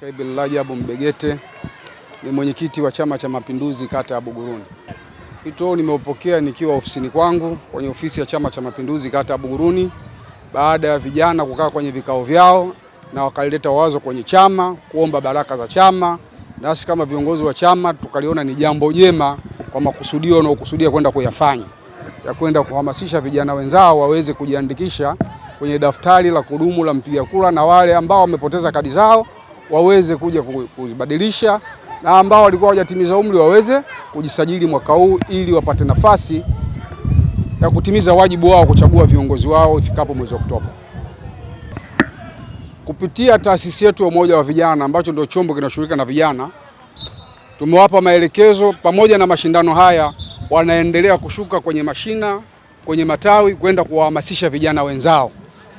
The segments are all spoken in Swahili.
Khabil Rajabu Mbegete ni mwenyekiti wa Chama cha Mapinduzi kata ya Buguruni. Wito nimeupokea nikiwa ofisini kwangu kwenye ofisi ya Chama cha Mapinduzi kata ya Buguruni baada ya vijana kukaa kwenye vikao vyao na wakalileta wazo kwenye chama kuomba baraka za chama, nasi kama viongozi wa chama tukaliona ni jambo jema kwa makusudio wanaokusudia kwenda kuyafanya ya kwenda kuhamasisha vijana wenzao waweze kujiandikisha kwenye daftari la kudumu la mpiga kura na wale ambao wamepoteza kadi zao waweze kuja kuzibadilisha na ambao walikuwa hawajatimiza umri waweze kujisajili mwaka huu ili wapate nafasi ya kutimiza wajibu wao kuchagua viongozi wao ifikapo mwezi Oktoba. Kupitia taasisi yetu ya Umoja wa Vijana ambacho ndio chombo kinashughulika na vijana, tumewapa maelekezo pamoja na mashindano haya, wanaendelea kushuka kwenye mashina, kwenye matawi kwenda kuwahamasisha vijana wenzao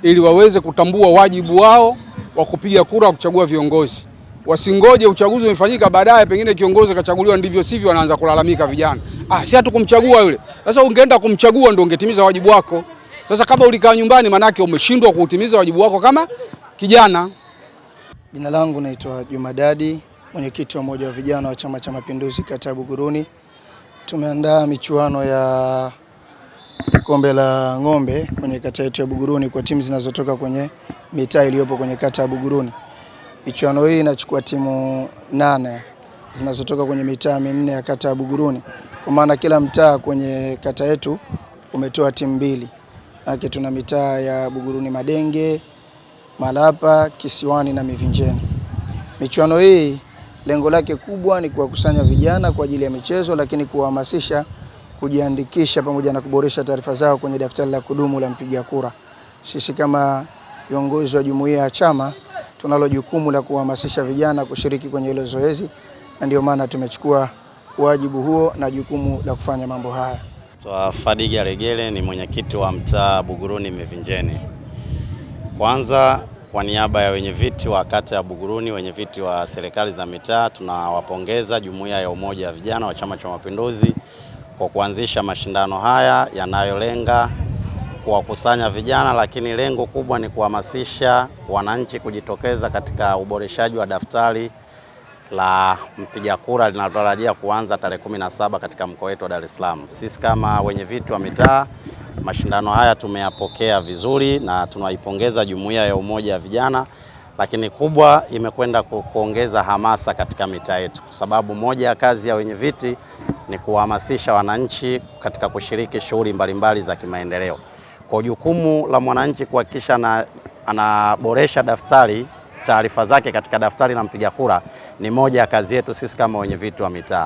ili waweze kutambua wajibu wao wa kupiga kura wa kuchagua viongozi. Wasingoje uchaguzi umefanyika, baadaye pengine kiongozi akachaguliwa, ndivyo sivyo, wanaanza kulalamika vijana, ah, si hatukumchagua yule. Sasa ungeenda kumchagua ndio ungetimiza wajibu wako. Sasa kama ulikaa nyumbani, manake umeshindwa kuutimiza wajibu wako kama kijana. Jina langu naitwa Jumadadi, mwenyekiti wa mmoja wa vijana wa Chama cha Mapinduzi kata ya Buguruni. Tumeandaa michuano ya kombe la ng'ombe kwenye kata yetu ya Buguruni kwa timu zinazotoka kwenye mitaa iliyopo kwenye kata ya Buguruni. Michuano hii inachukua timu nane zinazotoka kwenye mitaa minne ya kata ya Buguruni, kwa maana kila mtaa kwenye kata yetu umetoa timu mbili. Haki tuna mitaa ya Buguruni Madenge, Malapa, Kisiwani na Mivinjeni. Michuano hii lengo lake kubwa ni kuwakusanya vijana kwa ajili ya michezo, lakini kuwahamasisha kujiandikisha pamoja na kuboresha taarifa zao kwenye daftari la kudumu la mpiga kura. Sisi kama viongozi wa jumuiya ya chama tunalo jukumu la kuhamasisha vijana kushiriki kwenye hilo zoezi, na ndio maana tumechukua wajibu huo na jukumu la kufanya mambo haya. So, Fadiga Regele ni mwenyekiti wa mtaa Buguruni Mivinjeni. Kwanza kwa niaba ya wenyeviti wa kata ya Buguruni, wenyeviti wa serikali za mitaa, tunawapongeza jumuiya ya umoja wa vijana wa Chama cha Mapinduzi kwa kuanzisha mashindano haya yanayolenga kuwakusanya vijana, lakini lengo kubwa ni kuhamasisha wananchi kujitokeza katika uboreshaji wa daftari la mpiga kura linalotarajia kuanza tarehe 17 katika mkoa wetu wa Dar es Salaam. Sisi kama wenyeviti wa mitaa, mashindano haya tumeyapokea vizuri na tunaipongeza Jumuiya ya Umoja wa Vijana, lakini kubwa imekwenda kuongeza hamasa katika mitaa yetu, kwa sababu moja ya kazi ya wenyeviti ni kuwahamasisha wananchi katika kushiriki shughuli mbalimbali za kimaendeleo. Kwa jukumu la mwananchi kuhakikisha na anaboresha daftari taarifa zake katika daftari la mpiga kura ni moja ya kazi yetu sisi kama wenye viti wa mitaa.